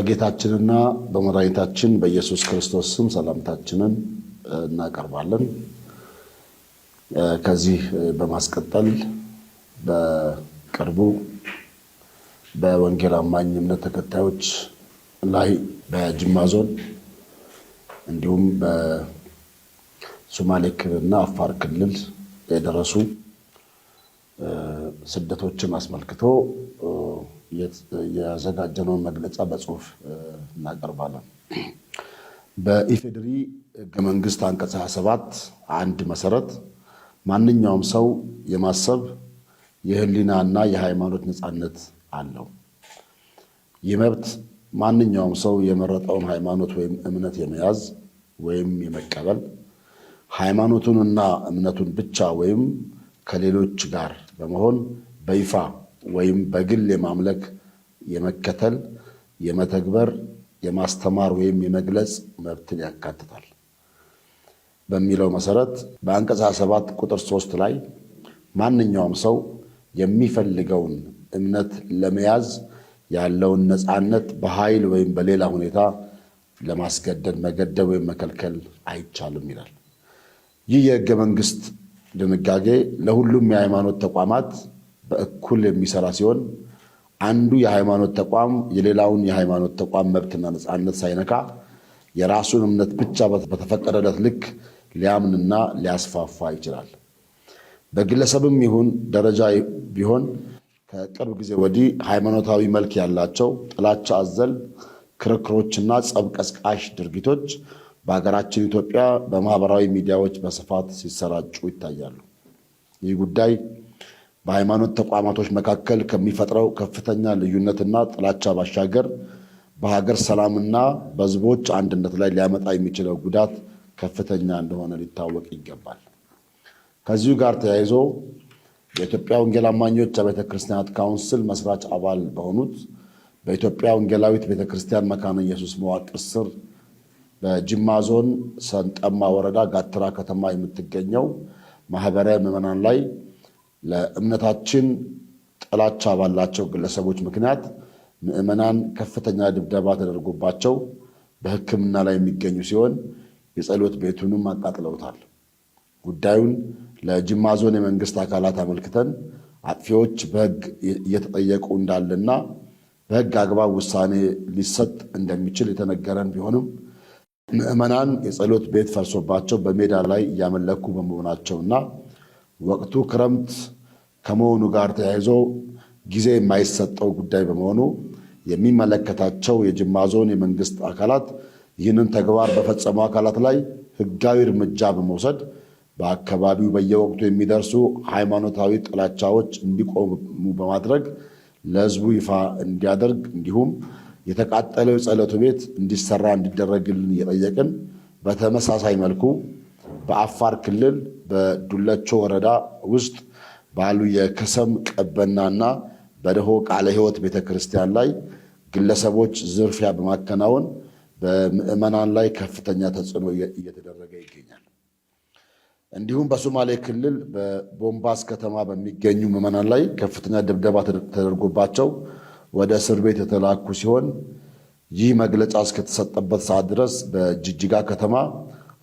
በጌታችንና በመድኃኒታችን በኢየሱስ ክርስቶስ ስም ሰላምታችንን እናቀርባለን። ከዚህ በማስቀጠል በቅርቡ በወንጌል አማኝ እምነት ተከታዮች ላይ በጅማ ዞን እንዲሁም በሶማሌ ክልልና አፋር ክልል የደረሱ ስደቶችን አስመልክቶ የዘጋጀነውን መግለጫ በጽሁፍ እናቀርባለን። በኢፌዴሪ ህገ መንግስት አንቀጽ 27 አንድ መሰረት ማንኛውም ሰው የማሰብ የህሊና እና የሃይማኖት ነፃነት አለው። ይህ መብት ማንኛውም ሰው የመረጠውን ሃይማኖት ወይም እምነት የመያዝ ወይም የመቀበል ሃይማኖቱንና እምነቱን ብቻ ወይም ከሌሎች ጋር በመሆን በይፋ ወይም በግል የማምለክ የመከተል የመተግበር የማስተማር ወይም የመግለጽ መብትን ያካትታል በሚለው መሰረት በአንቀጽ 27 ቁጥር 3 ላይ ማንኛውም ሰው የሚፈልገውን እምነት ለመያዝ ያለውን ነፃነት በኃይል ወይም በሌላ ሁኔታ ለማስገደድ መገደብ ወይም መከልከል አይቻልም ይላል። ይህ የህገ መንግስት ድንጋጌ ለሁሉም የሃይማኖት ተቋማት በእኩል የሚሰራ ሲሆን አንዱ የሃይማኖት ተቋም የሌላውን የሃይማኖት ተቋም መብትና ነፃነት ሳይነካ የራሱን እምነት ብቻ በተፈቀደለት ልክ ሊያምንና ሊያስፋፋ ይችላል። በግለሰብም ይሁን ደረጃ ቢሆን ከቅርብ ጊዜ ወዲህ ሃይማኖታዊ መልክ ያላቸው ጥላቻ አዘል ክርክሮችና ጸብ ቀስቃሽ ድርጊቶች በሀገራችን ኢትዮጵያ በማህበራዊ ሚዲያዎች በስፋት ሲሰራጩ ይታያሉ። ይህ ጉዳይ በሃይማኖት ተቋማቶች መካከል ከሚፈጥረው ከፍተኛ ልዩነትና ጥላቻ ባሻገር በሀገር ሰላምና በሕዝቦች አንድነት ላይ ሊያመጣ የሚችለው ጉዳት ከፍተኛ እንደሆነ ሊታወቅ ይገባል። ከዚሁ ጋር ተያይዞ የኢትዮጵያ ወንጌል አማኞች አብያተ ክርስቲያናት ካውንስል መስራች አባል በሆኑት በኢትዮጵያ ወንጌላዊት ቤተ ክርስቲያን መካነ ኢየሱስ መዋቅር ስር በጅማ ዞን ሰንጠማ ወረዳ ጋትራ ከተማ የምትገኘው ማህበራዊ ምዕመናን ላይ ለእምነታችን ጥላቻ ባላቸው ግለሰቦች ምክንያት ምዕመናን ከፍተኛ ድብደባ ተደርጎባቸው በሕክምና ላይ የሚገኙ ሲሆን የጸሎት ቤቱንም አቃጥለውታል። ጉዳዩን ለጅማ ዞን የመንግስት አካላት አመልክተን አጥፊዎች በሕግ እየተጠየቁ እንዳለና በሕግ አግባብ ውሳኔ ሊሰጥ እንደሚችል የተነገረን ቢሆንም ምዕመናን የጸሎት ቤት ፈርሶባቸው በሜዳ ላይ እያመለኩ በመሆናቸውና ወቅቱ ክረምት ከመሆኑ ጋር ተያይዞ ጊዜ የማይሰጠው ጉዳይ በመሆኑ የሚመለከታቸው የጅማ ዞን የመንግስት አካላት ይህንን ተግባር በፈጸሙ አካላት ላይ ህጋዊ እርምጃ በመውሰድ በአካባቢው በየወቅቱ የሚደርሱ ሃይማኖታዊ ጥላቻዎች እንዲቆሙ በማድረግ ለህዝቡ ይፋ እንዲያደርግ እንዲሁም የተቃጠለው የጸሎቱ ቤት እንዲሰራ እንዲደረግልን እየጠየቅን በተመሳሳይ መልኩ በአፋር ክልል በዱለቾ ወረዳ ውስጥ ባሉ የከሰም ቀበናና በደሆ ቃለ ሕይወት ቤተ ክርስቲያን ላይ ግለሰቦች ዝርፊያ በማከናወን በምዕመናን ላይ ከፍተኛ ተጽዕኖ እየተደረገ ይገኛል። እንዲሁም በሶማሌ ክልል በቦምባስ ከተማ በሚገኙ ምዕመናን ላይ ከፍተኛ ድብደባ ተደርጎባቸው ወደ እስር ቤት የተላኩ ሲሆን ይህ መግለጫ እስከተሰጠበት ሰዓት ድረስ በጅጅጋ ከተማ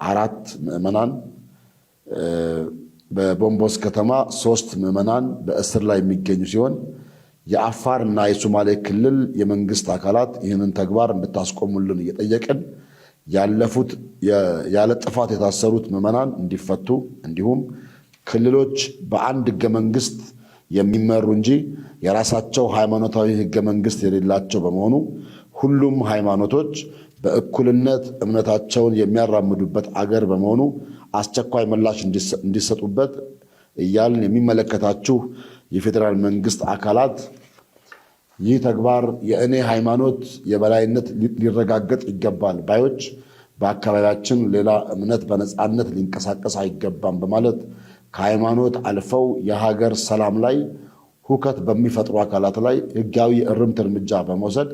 አራት ምዕመናን በቦምቦስ ከተማ ሶስት ምዕመናን በእስር ላይ የሚገኙ ሲሆን የአፋር እና የሶማሌ ክልል የመንግስት አካላት ይህንን ተግባር እንድታስቆሙልን እየጠየቅን ያለፉት ያለ ጥፋት የታሰሩት ምዕመናን እንዲፈቱ እንዲሁም ክልሎች በአንድ ህገ መንግስት የሚመሩ እንጂ የራሳቸው ሃይማኖታዊ ህገ መንግስት የሌላቸው በመሆኑ ሁሉም ሃይማኖቶች በእኩልነት እምነታቸውን የሚያራምዱበት አገር በመሆኑ አስቸኳይ ምላሽ እንዲሰጡበት እያልን የሚመለከታችሁ የፌዴራል መንግስት አካላት ይህ ተግባር የእኔ ሃይማኖት የበላይነት ሊረጋገጥ ይገባል ባዮች በአካባቢያችን ሌላ እምነት በነፃነት ሊንቀሳቀስ አይገባም በማለት ከሃይማኖት አልፈው የሀገር ሰላም ላይ ሁከት በሚፈጥሩ አካላት ላይ ህጋዊ የእርምት እርምጃ በመውሰድ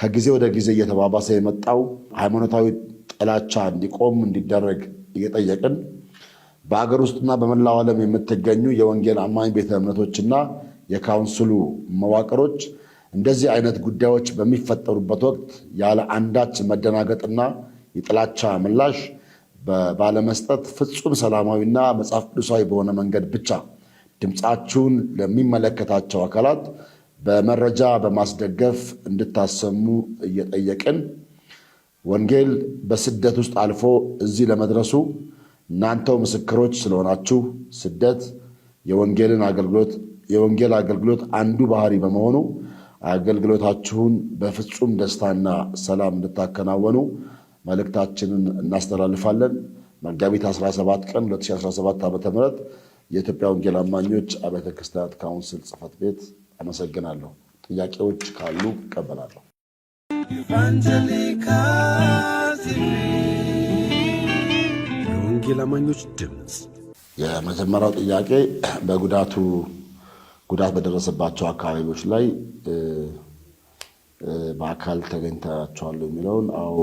ከጊዜ ወደ ጊዜ እየተባባሰ የመጣው ሃይማኖታዊ ጥላቻ እንዲቆም እንዲደረግ እየጠየቅን በአገር ውስጥና በመላው ዓለም የምትገኙ የወንጌል አማኝ ቤተ እምነቶችና የካውንስሉ መዋቅሮች እንደዚህ አይነት ጉዳዮች በሚፈጠሩበት ወቅት ያለ አንዳች መደናገጥና የጥላቻ ምላሽ ባለመስጠት ፍጹም ሰላማዊና መጽሐፍ ቅዱሳዊ በሆነ መንገድ ብቻ ድምፃችሁን ለሚመለከታቸው አካላት በመረጃ በማስደገፍ እንድታሰሙ እየጠየቅን ወንጌል በስደት ውስጥ አልፎ እዚህ ለመድረሱ እናንተው ምስክሮች ስለሆናችሁ ስደት የወንጌልን አገልግሎት የወንጌል አገልግሎት አንዱ ባህሪ በመሆኑ አገልግሎታችሁን በፍጹም ደስታና ሰላም እንድታከናወኑ መልእክታችንን እናስተላልፋለን። መጋቢት 17 ቀን 2017 ዓ ም የኢትዮጵያ ወንጌል አማኞች አብያተ ክርስቲያናት ካውንስል ጽፈት ቤት አመሰግናለሁ። ጥያቄዎች ካሉ እቀበላለሁ። የወንጌል አማኞች ድምፅ። የመጀመሪያው ጥያቄ በጉዳቱ ጉዳት በደረሰባቸው አካባቢዎች ላይ በአካል ተገኝታችኋል የሚለውን አዎ፣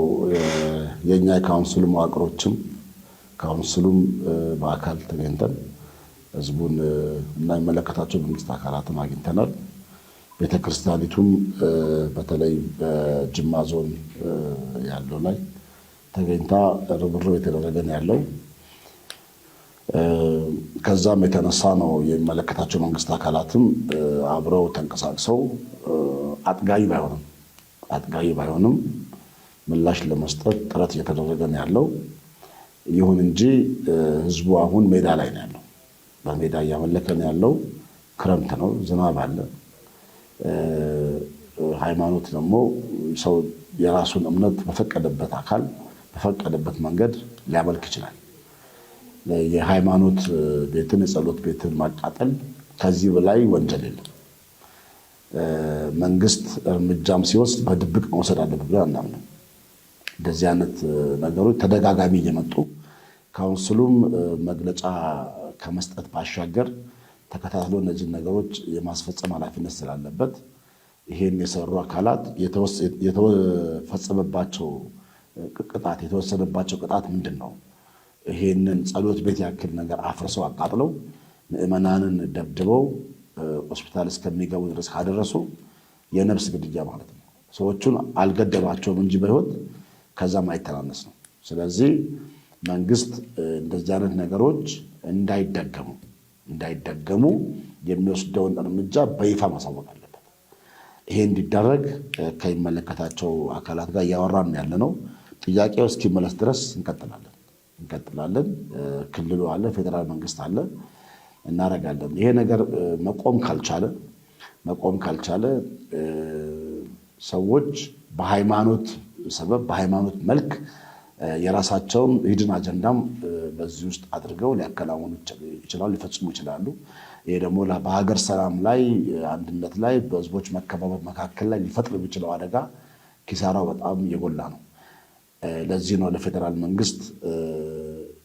የእኛ የካውንስሉ መዋቅሮችም ካውንስሉም በአካል ተገኝተን ህዝቡን እና የሚመለከታቸው መንግስት አካላትን አግኝተናል። ቤተክርስቲያኒቱም በተለይ በጅማ ዞን ያለው ላይ ተገኝታ ርብርብ የተደረገን ያለው ከዛም የተነሳ ነው የሚመለከታቸው መንግስት አካላትም አብረው ተንቀሳቅሰው አጥጋቢ ባይሆንም አጥጋይ ባይሆንም ምላሽ ለመስጠት ጥረት እየተደረገ ነው ያለው። ይሁን እንጂ ህዝቡ አሁን ሜዳ ላይ ነው ያለው። በሜዳ እያመለከን ያለው ክረምት ነው፣ ዝናብ አለ። ሃይማኖት ደግሞ ሰው የራሱን እምነት በፈቀደበት አካል በፈቀደበት መንገድ ሊያመልክ ይችላል። የሃይማኖት ቤትን የጸሎት ቤትን ማቃጠል ከዚህ በላይ ወንጀል የለም። መንግስት እርምጃም ሲወስድ በድብቅ መውሰድ አለበት ብለን አናምንም። እንደዚህ አይነት ነገሮች ተደጋጋሚ እየመጡ ካውንስሉም መግለጫ ከመስጠት ባሻገር ተከታትሎ እነዚህን ነገሮች የማስፈጸም ኃላፊነት ስላለበት ይሄን የሰሩ አካላት የተፈጸመባቸው ቅጣት የተወሰነባቸው ቅጣት ምንድን ነው? ይሄንን ጸሎት ቤት ያክል ነገር አፍርሰው አቃጥለው ምዕመናንን ደብድበው ሆስፒታል እስከሚገቡ ድረስ ካደረሱ የነፍስ ግድያ ማለት ነው። ሰዎቹን አልገደባቸውም እንጂ በሕይወት ከዛም አይተናነስ ነው። ስለዚህ መንግስት እንደዚህ አይነት ነገሮች እንዳይደገሙ እንዳይደገሙ የሚወስደውን እርምጃ በይፋ ማሳወቅ አለበት። ይሄ እንዲደረግ ከሚመለከታቸው አካላት ጋር እያወራን ያለ ነው። ጥያቄው እስኪመለስ ድረስ እንቀጥላለን እንቀጥላለን። ክልሉ አለ፣ ፌዴራል መንግስት አለ፣ እናደርጋለን። ይሄ ነገር መቆም ካልቻለ መቆም ካልቻለ ሰዎች በሃይማኖት ሰበብ በሃይማኖት መልክ የራሳቸውን ሂድን አጀንዳም በዚህ ውስጥ አድርገው ሊያከናውኑ ይችላሉ፣ ሊፈጽሙ ይችላሉ። ይሄ ደግሞ በሀገር ሰላም ላይ፣ አንድነት ላይ፣ በህዝቦች መከባበር መካከል ላይ ሊፈጥር የሚችለው አደጋ ኪሳራው በጣም የጎላ ነው። ለዚህ ነው ለፌዴራል መንግስት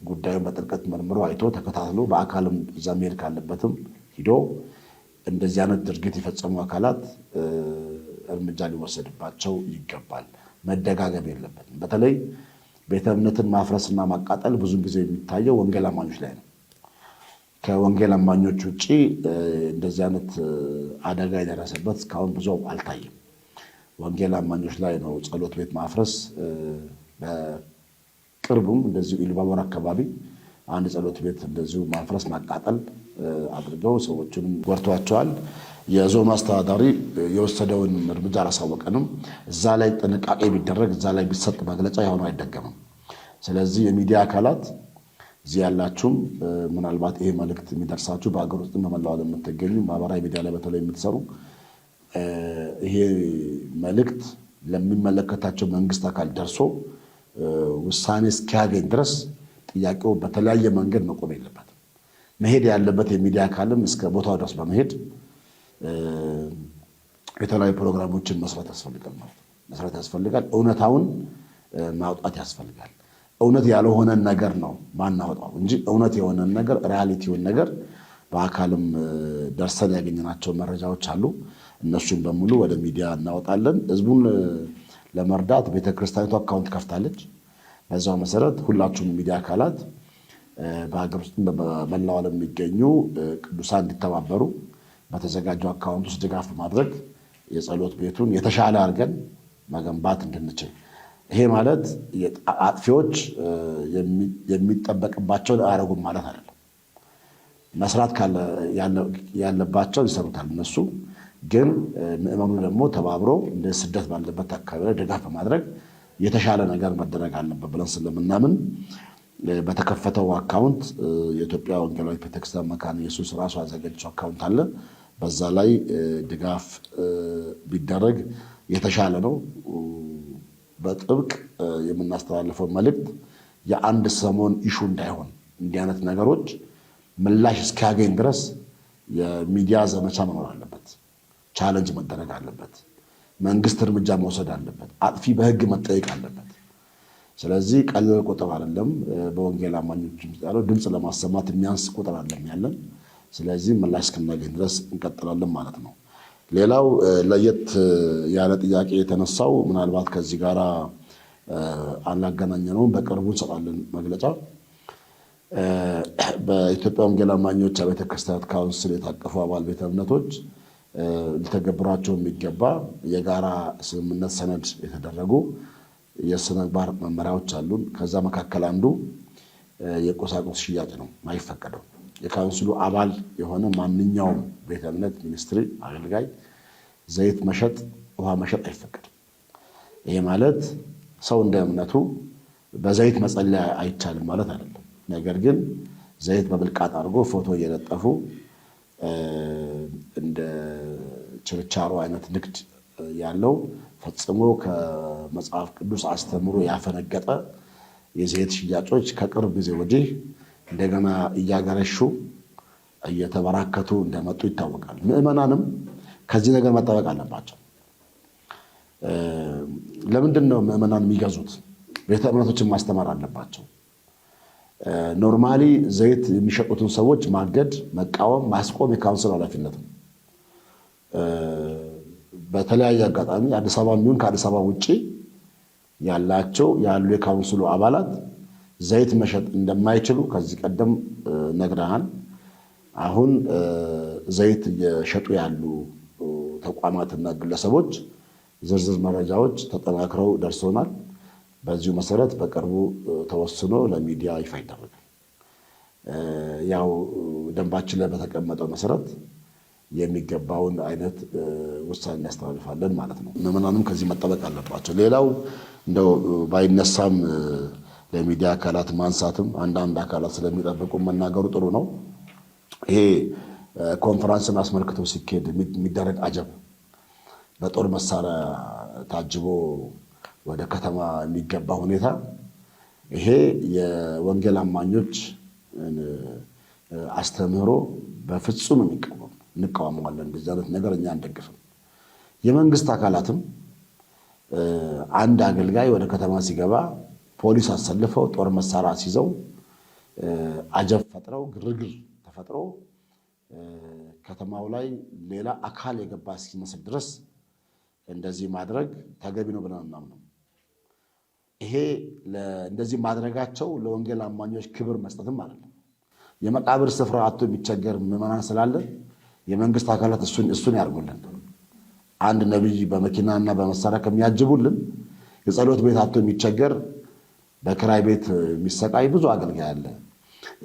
ጉዳዩን በጥልቀት መርምሮ አይቶ ተከታትሎ በአካልም እዛ መሄድ ካለበትም ሂዶ እንደዚህ አይነት ድርጊት የፈጸሙ አካላት እርምጃ ሊወሰድባቸው ይገባል። መደጋገም የለበትም። በተለይ ቤተ እምነትን ማፍረስና ማቃጠል ብዙ ጊዜ የሚታየው ወንጌል አማኞች ላይ ነው። ከወንጌል አማኞች ውጭ እንደዚህ አይነት አደጋ የደረሰበት እስካሁን ብዙ አልታየም። ወንጌል አማኞች ላይ ነው ጸሎት ቤት ማፍረስ። በቅርቡም እንደዚሁ ኢሉባቦር አካባቢ አንድ ጸሎት ቤት እንደዚሁ ማፍረስ ማቃጠል አድርገው ሰዎቹንም ጎድተዋቸዋል። የዞኑ አስተዳዳሪ የወሰደውን እርምጃ አላሳወቀንም። እዛ ላይ ጥንቃቄ ቢደረግ እዛ ላይ ቢሰጥ መግለጫ የሆነ አይደገምም። ስለዚህ የሚዲያ አካላት እዚህ ያላችሁም ምናልባት ይሄ መልእክት የሚደርሳችሁ በሀገር ውስጥ በመላው ዓለም የምትገኙ ማህበራዊ ሚዲያ ላይ በተለይ የምትሰሩ ይሄ መልእክት ለሚመለከታቸው መንግስት አካል ደርሶ ውሳኔ እስኪያገኝ ድረስ ጥያቄው በተለያየ መንገድ መቆም የለበትም። መሄድ ያለበት የሚዲያ አካልም እስከ ቦታው ድረስ በመሄድ የተለያዩ ፕሮግራሞችን መስራት ያስፈልጋል ማለት ነው። መስራት ያስፈልጋል። እውነታውን ማውጣት ያስፈልጋል። እውነት ያልሆነን ነገር ነው ማናወጣው እንጂ እውነት የሆነን ነገር ሪያሊቲውን ነገር በአካልም ደርሰን ያገኘናቸው መረጃዎች አሉ። እነሱን በሙሉ ወደ ሚዲያ እናወጣለን። ህዝቡን ለመርዳት ቤተክርስቲያኒቱ አካውንት ከፍታለች። በዛው መሰረት ሁላችሁም ሚዲያ አካላት በሀገር ውስጥ በመላው ዓለም የሚገኙ ቅዱሳን እንዲተባበሩ በተዘጋጀው አካውንት ውስጥ ድጋፍ በማድረግ የጸሎት ቤቱን የተሻለ አድርገን መገንባት እንድንችል ይሄ ማለት አጥፊዎች የሚጠበቅባቸውን አያደርጉም ማለት አይደለም። መስራት ያለባቸው ይሰሩታል እነሱ። ግን ምዕመኑ ደግሞ ተባብሮ እንደ ስደት ባለበት አካባቢ ላይ ድጋፍ በማድረግ የተሻለ ነገር መደረግ አለበት ብለን ስለምናምን በተከፈተው አካውንት የኢትዮጵያ ወንጌላዊ ቤተክርስቲያን መካነ ኢየሱስ ራሱ ያዘጋጀው አካውንት አለ። በዛ ላይ ድጋፍ ቢደረግ የተሻለ ነው። በጥብቅ የምናስተላልፈው መልእክት የአንድ ሰሞን ኢሹ እንዳይሆን እንዲህ አይነት ነገሮች ምላሽ እስኪያገኝ ድረስ የሚዲያ ዘመቻ መኖር አለበት። ቻለንጅ መደረግ አለበት። መንግስት እርምጃ መውሰድ አለበት። አጥፊ በህግ መጠየቅ አለበት። ስለዚህ ቀለል ቁጥር አይደለም። በወንጌል አማኞች ያለው ድምፅ ለማሰማት የሚያንስ ቁጥር አለም ያለን ስለዚህ ምላሽ እስከናገኝ ድረስ እንቀጥላለን ማለት ነው። ሌላው ለየት ያለ ጥያቄ የተነሳው ምናልባት ከዚህ ጋር ነው። በቅርቡ እንሰጣለን መግለጫ። በኢትዮጵያ ወንጌል አማኞች አብያተ ክርስቲያናት ካውንስል የታቀፉ አባል ቤተ እምነቶች ሊተገብሯቸው የሚገባ የጋራ ስምምነት ሰነድ የተደረጉ የሥነ ምግባር መመሪያዎች አሉን። ከዛ መካከል አንዱ የቁሳቁስ ሽያጭ ነው፣ አይፈቀደው። የካውንስሉ አባል የሆነ ማንኛውም ቤተ እምነት ሚኒስትሪ አገልጋይ ዘይት መሸጥ፣ ውሃ መሸጥ አይፈቀድም። ይሄ ማለት ሰው እንደ እምነቱ በዘይት መጸለያ አይቻልም ማለት አይደለም። ነገር ግን ዘይት በብልቃጥ አድርጎ ፎቶ እየለጠፉ እንደ ችርቻሮ አይነት ንግድ ያለው ፈጽሞ ከመጽሐፍ ቅዱስ አስተምሮ ያፈነገጠ የዘይት ሽያጮች ከቅርብ ጊዜ ወዲህ እንደገና እያገረሹ እየተበራከቱ እንደመጡ ይታወቃል። ምዕመናንም ከዚህ ነገር መጠበቅ አለባቸው። ለምንድን ነው ምዕመናን የሚገዙት? ቤተ እምነቶችን ማስተማር አለባቸው። ኖርማሊ ዘይት የሚሸጡትን ሰዎች ማገድ፣ መቃወም፣ ማስቆም የካውንስል ኃላፊነት ነው። በተለያየ አጋጣሚ አዲስ አበባ የሚሆን ከአዲስ አበባ ውጭ ያላቸው ያሉ የካውንስሉ አባላት ዘይት መሸጥ እንደማይችሉ ከዚህ ቀደም ነግረሃል። አሁን ዘይት እየሸጡ ያሉ ተቋማትና ግለሰቦች ዝርዝር መረጃዎች ተጠናክረው ደርሶናል። በዚሁ መሰረት በቅርቡ ተወስኖ ለሚዲያ ይፋ ይደረጋል። ያው ደንባችን ላይ በተቀመጠው መሰረት የሚገባውን አይነት ውሳኔ እናስተላልፋለን ማለት ነው። ምዕመናንም ከዚህ መጠበቅ አለባቸው። ሌላው እንደው ባይነሳም ለሚዲያ አካላት ማንሳትም አንዳንድ አካላት ስለሚጠብቁ መናገሩ ጥሩ ነው። ይሄ ኮንፈረንስን አስመልክቶ ሲካሄድ የሚደረግ አጀብ በጦር መሳሪያ ታጅቦ ወደ ከተማ የሚገባ ሁኔታ ይሄ የወንጌል አማኞች አስተምህሮ በፍጹም የሚቃወም እንቃወመዋለን። እንደዚህ አይነት ነገር እኛ አንደግፍም። የመንግስት አካላትም አንድ አገልጋይ ወደ ከተማ ሲገባ ፖሊስ አሰልፈው ጦር መሳሪያ ሲይዘው አጀብ ፈጥረው ግርግር ተፈጥሮ ከተማው ላይ ሌላ አካል የገባ እስኪመስል ድረስ እንደዚህ ማድረግ ተገቢ ነው ብለን አናምነው። ይሄ እንደዚህ ማድረጋቸው ለወንጌል አማኞች ክብር መስጠትም ማለት ነው። የመቃብር ስፍራ አቶ የሚቸገር ምዕመናን ስላለ የመንግስት አካላት እሱን ያርጉልን። አንድ ነቢይ በመኪናና በመሳሪያ ከሚያጅቡልን የጸሎት ቤት አቶ የሚቸገር በክራይ ቤት የሚሰቃይ ብዙ አገልጋይ አለ።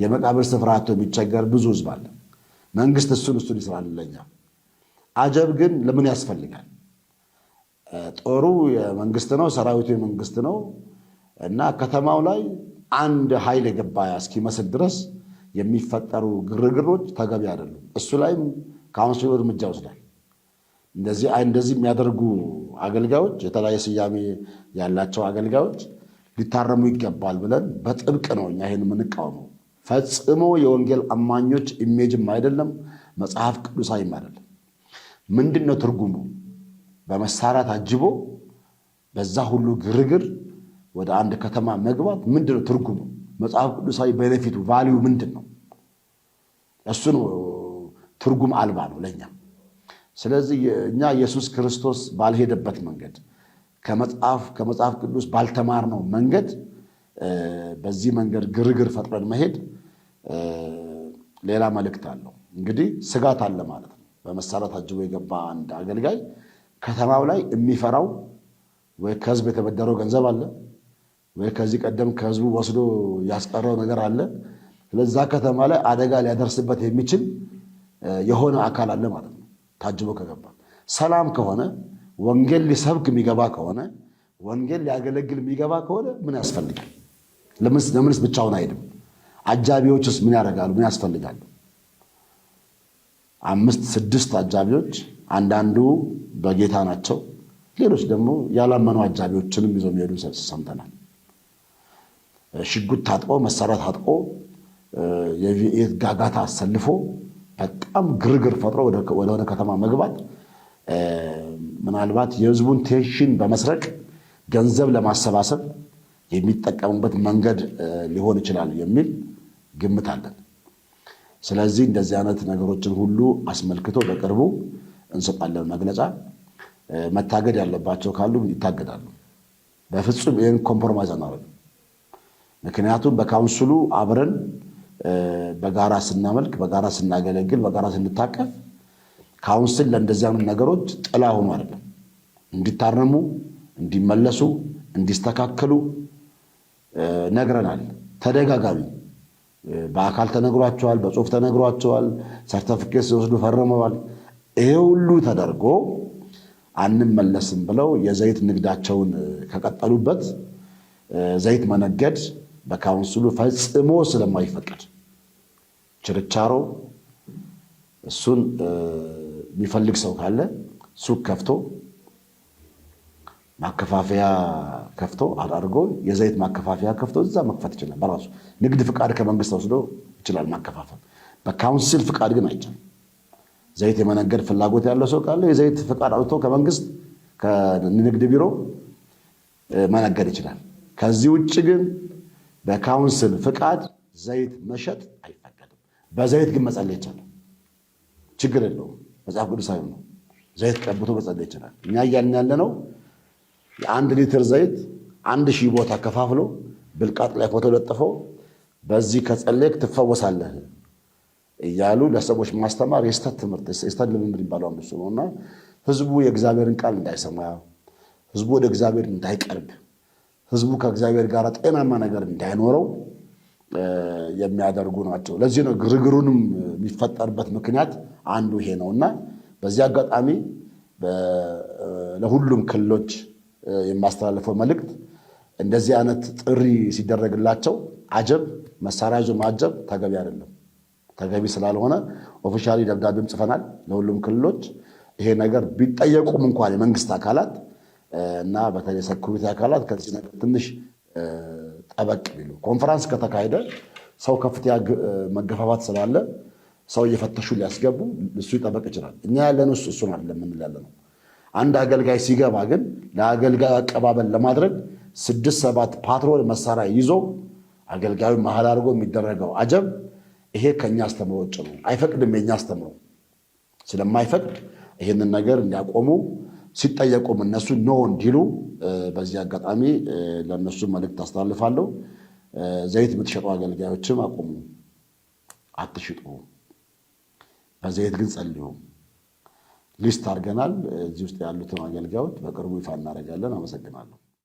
የመቃብር ስፍራ አቶ የሚቸገር ብዙ ህዝብ አለ። መንግስት እሱን እሱን ይስራል አጀብ ግን ለምን ያስፈልጋል? ጦሩ የመንግስት ነው፣ ሰራዊቱ የመንግስት ነው እና ከተማው ላይ አንድ ኃይል የገባ እስኪመስል ድረስ የሚፈጠሩ ግርግሮች ተገቢ አይደሉም። እሱ ላይም ካውንስሉ እርምጃ ወስዳል። እንደዚህ እንደዚህ የሚያደርጉ አገልጋዮች የተለያየ ስያሜ ያላቸው አገልጋዮች ሊታረሙ ይገባል ብለን በጥብቅ ነው እኛ ይህን የምንቃወመው። ፈጽሞ የወንጌል አማኞች ኢሜጅም አይደለም፣ መጽሐፍ ቅዱሳዊም አይደለም። ምንድን ነው ትርጉሙ? በመሳሪያ ታጅቦ በዛ ሁሉ ግርግር ወደ አንድ ከተማ መግባት ምንድን ነው ትርጉሙ? መጽሐፍ ቅዱሳዊ ቤኔፊቱ ቫሊዩ ምንድን ነው? እሱ ትርጉም አልባ ነው ለእኛ። ስለዚህ እኛ ኢየሱስ ክርስቶስ ባልሄደበት መንገድ ከመጽሐፍ ከመጽሐፍ ቅዱስ ባልተማርነው መንገድ በዚህ መንገድ ግርግር ፈጥረን መሄድ ሌላ መልእክት አለው። እንግዲህ ስጋት አለ ማለት ነው። በመሳሪያ ታጅቦ የገባ አንድ አገልጋይ ከተማው ላይ የሚፈራው ወይ ከህዝብ የተበደረው ገንዘብ አለ ወይ ከዚህ ቀደም ከህዝቡ ወስዶ ያስቀረው ነገር አለ። ስለዛ ከተማ ላይ አደጋ ሊያደርስበት የሚችል የሆነ አካል አለ ማለት ነው። ታጅቦ ከገባ ሰላም ከሆነ ወንጌል ሊሰብክ የሚገባ ከሆነ ወንጌል ሊያገለግል የሚገባ ከሆነ ምን ያስፈልጋል? ለምንስ ብቻውን አይሄድም? ውስጥ ምን ያደርጋሉ? ምን ያስፈልጋሉ? አምስት ስድስት አጃቢዎች፣ አንዳንዱ በጌታ ናቸው፣ ሌሎች ደግሞ ያላመኑ አጃቢዎችንም ይዞ የሚሄዱ ሰምተናል። ሽጉጥ ታጥቆ መሳሪያ ታጥቆ የቪኤት ጋጋታ አሰልፎ በጣም ግርግር ፈጥሮ ወደሆነ ከተማ መግባት ምናልባት የህዝቡን ቴንሽን በመስረቅ ገንዘብ ለማሰባሰብ የሚጠቀሙበት መንገድ ሊሆን ይችላል የሚል ግምት አለን። ስለዚህ እንደዚህ አይነት ነገሮችን ሁሉ አስመልክቶ በቅርቡ እንሰጣለን መግለጫ። መታገድ ያለባቸው ካሉ ይታገዳሉ። በፍጹም ይህን ኮምፕሮማይዝ አናረግ። ምክንያቱም በካውንስሉ አብረን በጋራ ስናመልክ፣ በጋራ ስናገለግል፣ በጋራ ስንታቀፍ ካውንስል ለእንደዚህ አይነት ነገሮች ጥላ ሆኖ አይደለም፣ እንዲታረሙ፣ እንዲመለሱ፣ እንዲስተካከሉ ነግረናል። ተደጋጋሚ በአካል ተነግሯቸዋል፣ በጽሁፍ ተነግሯቸዋል፣ ሰርተፍኬት ሲወስዱ ፈርመዋል። ይሄ ሁሉ ተደርጎ አንመለስም ብለው የዘይት ንግዳቸውን ከቀጠሉበት ዘይት መነገድ በካውንስሉ ፈጽሞ ስለማይፈቀድ ችርቻሮ እሱን የሚፈልግ ሰው ካለ ሱቅ ከፍቶ ማከፋፈያ ከፍቶ አድርጎ የዘይት ማከፋፈያ ከፍቶ እዛ መክፈት ይችላል። በራሱ ንግድ ፍቃድ ከመንግስት ወስዶ ይችላል ማከፋፈል። በካውንስል ፍቃድ ግን አይቻልም። ዘይት የመነገድ ፍላጎት ያለው ሰው ካለ የዘይት ፍቃድ አውጥቶ ከመንግስት ከንግድ ቢሮ መነገድ ይችላል። ከዚህ ውጭ ግን በካውንስል ፍቃድ ዘይት መሸጥ አይፈቀድም። በዘይት ግን መጸለይ ይቻላል። ችግር የለውም። መጽሐፍ ቅዱሳዊ ነው። ዘይት ቀብቶ መጸለይ ይችላል። እኛ እያልን ያለ ነው የአንድ ሊትር ዘይት አንድ ሺህ ቦታ ከፋፍሎ ብልቃጥ ላይ ፎቶ ለጥፎ በዚህ ከጸለይክ ትፈወሳለህ እያሉ ለሰዎች ማስተማር የስተት ትምህርት የስተት ልምምድ ይባለው አንዱ ነው እና ህዝቡ የእግዚአብሔርን ቃል እንዳይሰማ፣ ህዝቡ ወደ እግዚአብሔር እንዳይቀርብ፣ ህዝቡ ከእግዚአብሔር ጋር ጤናማ ነገር እንዳይኖረው የሚያደርጉ ናቸው። ለዚህ ነው ግርግሩንም የሚፈጠርበት ምክንያት አንዱ ይሄ ነው እና በዚህ አጋጣሚ ለሁሉም ክልሎች የማስተላለፈው መልእክት እንደዚህ አይነት ጥሪ ሲደረግላቸው አጀብ መሳሪያ ይዞ ማጀብ ተገቢ አይደለም። ተገቢ ስላልሆነ ኦፊሻሊ ደብዳቤም ጽፈናል ለሁሉም ክልሎች ይሄ ነገር ቢጠየቁም እንኳን የመንግስት አካላት እና በተለይ ሰኩሪቲ አካላት ከዚህ ነገር ትንሽ ጠበቅ ቢሉ ኮንፈረንስ ከተካሄደ ሰው ከፍተኛ መገፋፋት ስላለ ሰው እየፈተሹ ሊያስገቡ እሱ ይጠበቅ ይችላል። እኛ ያለን ውስጥ እሱን አይደለም የምንላለ ነው። አንድ አገልጋይ ሲገባ ግን ለአገልጋይ አቀባበል ለማድረግ ስድስት ሰባት ፓትሮል መሳሪያ ይዞ አገልጋዩ መሀል አድርጎ የሚደረገው አጀብ ይሄ ከእኛ አስተምሮ ውጭ ነው። አይፈቅድም። የእኛ አስተምሮ ስለማይፈቅድ ይህንን ነገር እንዲያቆሙ ሲጠየቁም እነሱ ኖ እንዲሉ በዚህ አጋጣሚ ለእነሱ መልእክት አስተላልፋለሁ። ዘይት የምትሸጡ አገልጋዮችም አቁሙ፣ አትሽጡ። በዘይት ግን ጸልዩ። ሊስት አድርገናል። እዚህ ውስጥ ያሉትን አገልጋዮች በቅርቡ ይፋ እናደርጋለን። አመሰግናለሁ።